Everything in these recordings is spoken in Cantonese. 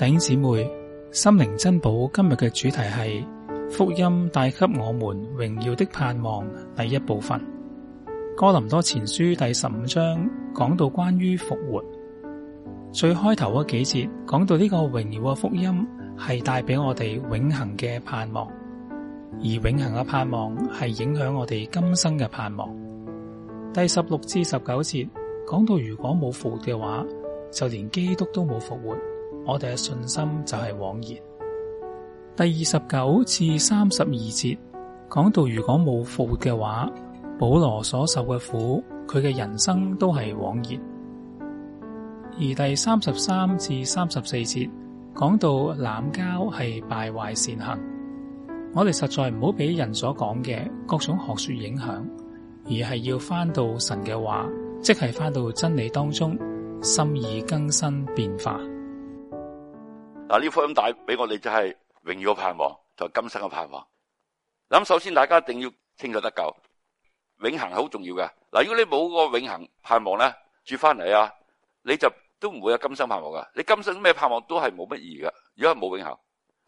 弟兄姊妹，心靈珍寶，今日嘅主題係福音帶給我們榮耀的盼望，第一部分。哥林多前書第十五章講到關於復活，最開頭嗰幾節講到呢個榮耀嘅福音係帶俾我哋永恒嘅盼望，而永恒嘅盼望係影響我哋今生嘅盼望。第十六至十九節講到，如果冇復活嘅話，就連基督都冇復活。我哋嘅信心就係枉然。第二十九至三十二節講到，如果冇復活嘅話，保羅所受嘅苦，佢嘅人生都係枉然。而第三十三至三十四節講到，濫交係敗壞善行。我哋實在唔好俾人所講嘅各種學說影響，而係要翻到神嘅話，即係翻到真理當中，心意更新變化。嗱呢福音帶俾我哋就係永遠嘅盼望，就係今生嘅盼望。咁首先大家一定要清楚得救，永恒係好重要嘅。嗱，如果你冇個永恒盼望咧，住翻嚟啊，你就都唔會有今生盼望噶。你今生咩盼望都係冇乜意義噶。如果係冇永恒，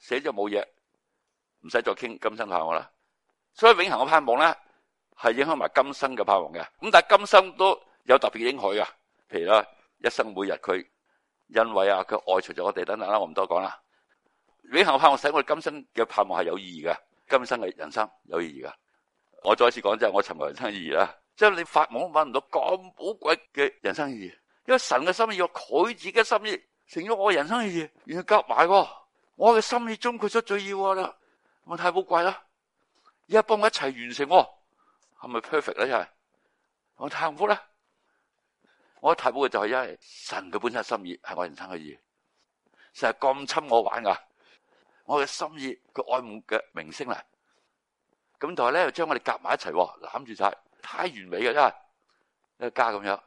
寫咗冇嘢，唔使再傾今生盼望啦。所以永恒嘅盼望咧，係影響埋今生嘅盼望嘅。咁但係今生都有特別影響嘅，譬如啦，一生每日佢。因為啊，佢愛除咗我哋，等等啦、啊，我唔多講啦。永恒盼望使我哋今生嘅盼望係有意義嘅，今生嘅人生有意義㗎。我再一次講就係我尋求人生意義啦，即係你發夢都搵唔到咁寶貴嘅人生意義，因為神嘅心意，佢自己心意，成咗我人生意義然後夾埋。我嘅心意中，佢最最要啦，我太寶貴啦，而家幫我一齊完成，係咪 perfect 咧？真係我太幸福啦。我睇到嘅就係因為神嘅本身的心意係我人生嘅意義，成日咁親我玩噶，我嘅心意佢愛慕嘅明星。嚟。咁同埋咧，將我哋夾埋一齊攬住晒，太完美嘅真係一個家咁樣。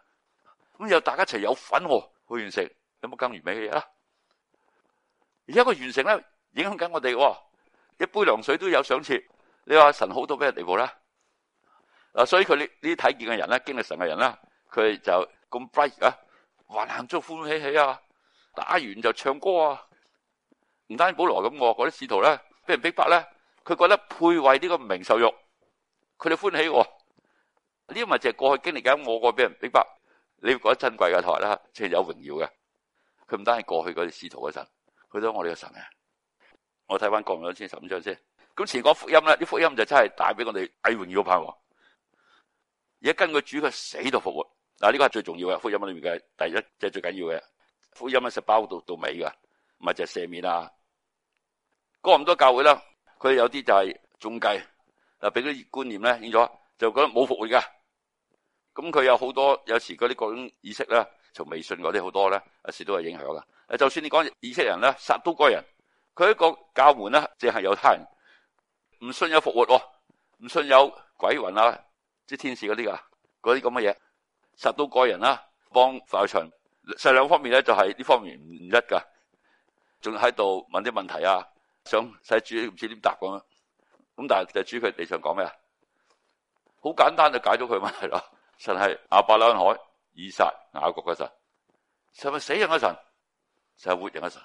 咁又大家一齊有份去完成，有冇更完美嘅嘢啦？而家個完成咧影響緊我哋，一杯涼水都有賞賜。你話神好到咩地步啦？嗱，所以佢呢呢啲睇見嘅人咧，經歷神嘅人咧，佢就。咁 break 啊，還行足歡喜喜啊，打完就唱歌啊，唔單保羅咁，我嗰啲使徒咧俾人逼迫咧，佢覺得配位呢個名受辱，佢哋歡喜喎，呢啲咪就係過去經歷緊，我個俾人逼迫，你會覺得珍貴嘅台啦，即係有榮耀嘅，佢唔單係過去嗰啲使徒嘅神，佢都係我哋嘅神啊，我睇翻《哥林多前十五章》先，咁前講福音啦，呢福音就真係帶俾我哋係榮耀盼望，而家根據主，佢死到復活。嗱，呢個係最重要嘅，福音啊裏面嘅第一，即係最緊要嘅。福音啊，實包到到尾噶，唔係就係赦免啦。過咁多教會啦，佢有啲就係中計，嗱，俾啲觀念咧，變咗就覺得冇復活噶。咁佢有好多，有時嗰啲各種意識咧，從微信嗰啲好多咧，一時都係影響噶。誒，就算你講以色列人啦、撒都該人，佢一個教門咧，淨係猶太人，唔信有復活喎，哦，唔信有鬼魂啊、即係天使嗰啲噶，嗰啲咁嘅嘢。殺到個人啦，幫法場細兩方面咧，就係呢方面唔唔一噶，仲喺度問啲問題啊，想使主唔知點答咁，咁但係就主佢地上講咩啊？好簡單就解咗佢嘛係咯，神係阿伯拉罕海以撒雅各嘅神，係死人嘅神？係活人嘅神。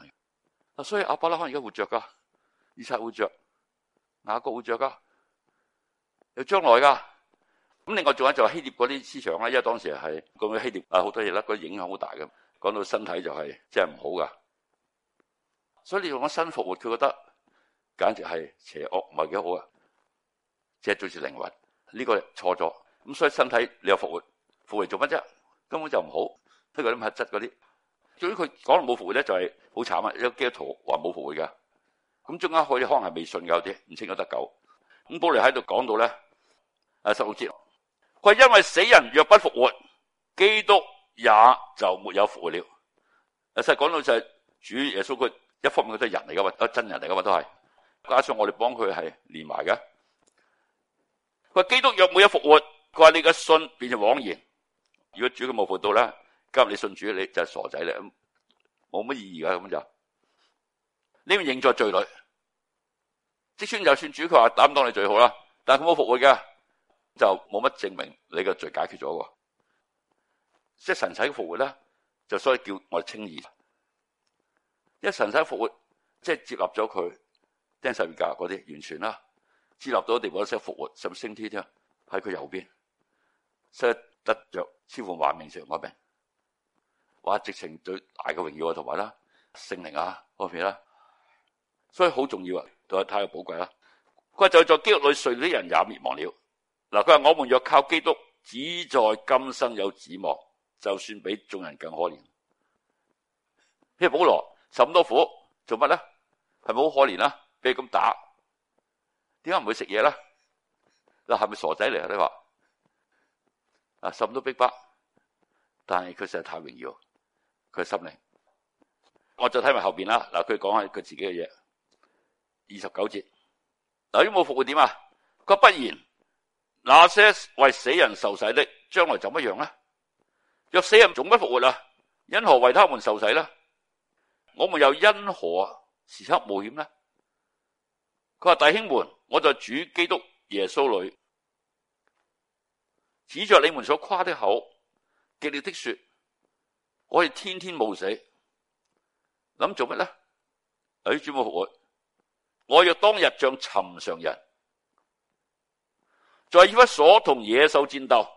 啊，所以阿伯拉罕而家活着噶，以撒活着，雅各活着噶，有將來噶。咁另外仲有就係希臘嗰啲思想啦，因為當時係嗰個希臘啊好多嘢咧，個影響好大嘅。講到身體就係、是、真係唔好噶，所以你用咗新復活，佢覺得簡直係邪惡，唔係幾好噶。即係做事靈魂呢、這個錯咗咁，所以身體你又復活復嚟做乜啫？根本就唔好，都係啲物質嗰啲。至於佢講冇復活咧，就係、是、好慘啊！有基督徒話冇復活噶，咁中間可以可能係未信嘅有啲唔清楚得救咁。保羅喺度講到咧啊十六節佢，因為死人若不復活，基督也就沒有復活了。老實講到就係主耶穌，佢一方面佢都係人嚟噶嘛，都真人嚟噶嘛，都係加上我哋幫佢係連埋嘅。佢話基督若冇有復活，佢話你嘅信變成枉然。如果主佢冇復到啦，今日你信主你就係傻仔啦，冇乜意義噶咁，就呢邊認咗罪，罪女，即算就算主佢話擔當你最好啦，但佢冇復活嘅。就冇乜證明你個罪解決咗喎，即神使復活咧，就所以叫我哋稱義。一神使復活，即、就是、接納咗佢釘十字架嗰啲完全啦，接納咗地方即復活，甚至升天添喺佢右邊，即得着超乎萬名之上我明，話直情最大嘅榮耀，同埋啦聖靈啊嗰邊啦，所以好、啊啊、重要啊，同、就、係、是、太寶貴啦。佢就在基督裏睡啲人也滅亡了。嗱，佢話我們若靠基督，只在今生有指望，就算比眾人更可憐。譬如保羅受咁多苦，做乜咧？係咪好可憐啦、啊？俾佢咁打，點解唔會食嘢咧？嗱，係咪傻仔嚟啊？你話啊，受咁多逼迫，但係佢實係太榮耀，佢係心靈。我就睇埋後邊啦。嗱，佢講下佢自己嘅嘢，二十九節。嗱，如果冇復活點啊？佢不然。那些為死人受洗的，將來怎麼樣呢？若死人總不復活啊，因何為他們受洗呢？我們又因何時刻冒險呢？佢話：弟兄們，我在主基督耶穌裡，指着你們所誇的口，極力的說：我哋天天冒死，諗做乜呢？誒、哎，做乜復活？我若當日像尋常人。在以弗所同野獸戰鬥，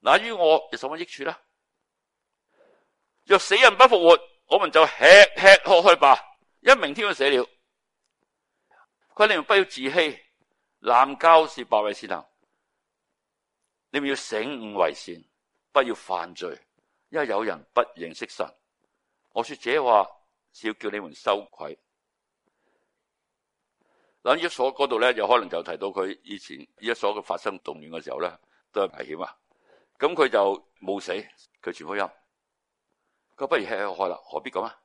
那於我有什麼益處呢？若死人不復活，我們就吃吃喝喝吧，因明天就死了。佢哋唔不要自欺，濫交是敗壞善行。你們要醒悟為善，不要犯罪，因為有人不認識神。我說這話，是要叫你們羞愧。嗱，以弗所嗰度咧，有可能就提到佢以前呢以弗所發生動亂嘅時候咧，都係危險啊。咁佢就冇死，佢全科音，佢不如吃下，開啦，何必咁啊？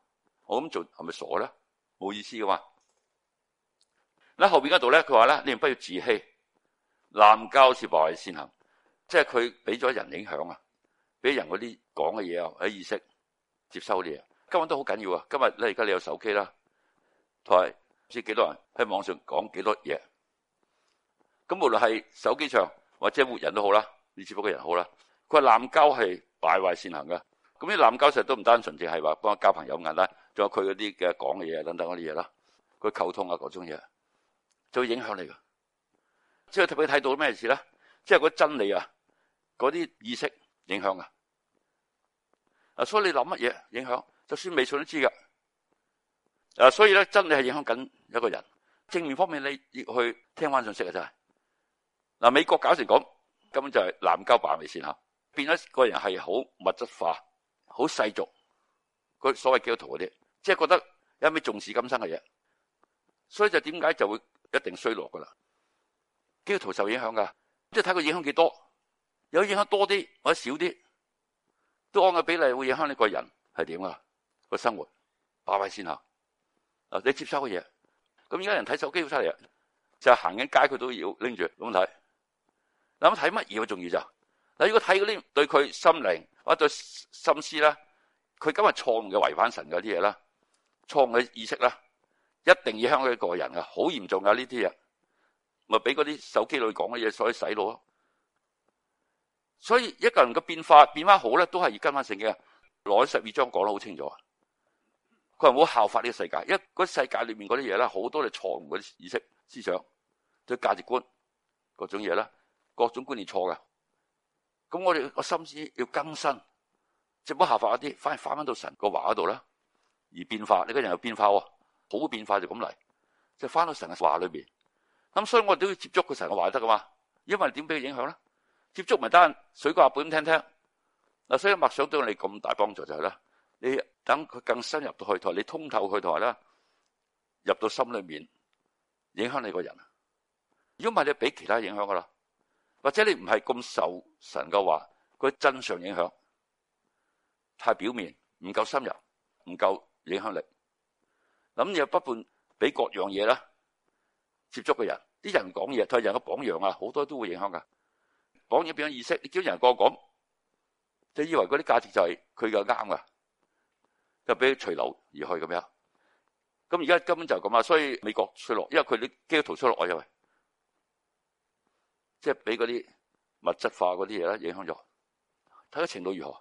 我咁做係咪傻咧？冇意思噶嘛。嗱，後邊嗰度咧，佢話咧，你唔不要自欺，濫交是敗壞善行，即係佢俾咗人影響啊，俾人嗰啲講嘅嘢啊，喺意識接收啲嘢，今日都好緊要啊，今日你而家你有手機啦，同埋。唔知幾多人喺網上講幾多嘢？咁無論係手機上或者活人都好啦，你只不過人好啦。佢話濫交係敗壞善行嘅。咁啲濫交其實都唔單純，淨係話幫我交朋友咁啦，仲有佢嗰啲嘅講嘅嘢等等嗰啲嘢啦，佢溝通啊嗰種嘢，就會影響你噶。即係特別睇到咩事咧？即係嗰真理啊，嗰啲意識影響啊。啊，所以你諗乜嘢影響？就算未信都知噶。嗱、啊，所以咧，真係影響緊一個人。正面方面，你要去聽翻信息啊，真係嗱、啊，美國搞成咁，根本就係濫交敗壞善行啊，變咗個人係好物質化、好世俗。佢所謂基督徒嗰啲，即係覺得有咩重視今生嘅嘢，所以就點解就會一定衰落噶啦？基督徒受影響噶，即係睇佢影響幾多，有影響多啲或者少啲，都按個比例會影響呢個人係點呀？個生活敗壞善行，啊。下。你接收嘅嘢，咁而家人睇手機好犀利啊！就行緊街佢都要拎住，咁睇？嗱，睇乜嘢好重要咋嗱？如果睇嗰啲對佢心靈或者對心思啦，佢今日錯誤嘅違反神嗰啲嘢啦，錯誤嘅意識啦，一定要向佢個人啊！好嚴重噶呢啲嘢，咪俾嗰啲手機裏講嘅嘢，所以洗腦咯。所以一個人嘅變化變翻好咧，都係要跟翻聖經，攞十二章講得好清楚啊！佢唔好效法呢個世界，因為嗰世界裏面嗰啲嘢咧，好多係錯誤嗰啲意識、思想、對價值觀、各種嘢啦，各種觀念錯噶。咁我哋個心思要更新，就係唔好效法一啲，反而翻翻到神個話嗰度啦，而變化。你個人有變化喎，好變化就咁嚟，即係翻到神嘅話裏邊。咁所以我哋都要接觸個神個話得噶嘛，因為點俾佢影響咧？接觸咪得，水卦本聽聽嗱，聽所以默想對你咁大幫助就係、是、咧。你等佢更深入到去台，你通透去台啦，入到心裏面影響你個人。如果唔係，你俾其他影響噶啦，或者你唔係咁受神嘅話，嗰啲真相影響太表面，唔夠深入，唔夠影響力。諗你又不判俾各樣嘢啦，接觸嘅人啲人講嘢，係人嘅榜樣啊，好多都會影響噶。講嘢變咗意識，你叫人個講，即以為嗰啲價值就係佢嘅啱噶。就俾佢隨流而去咁樣，咁而家根本就係咁啊！所以美國衰落，因為佢啲基督徒衰落啊，因為即係俾嗰啲物質化嗰啲嘢影響咗，睇下程度如何？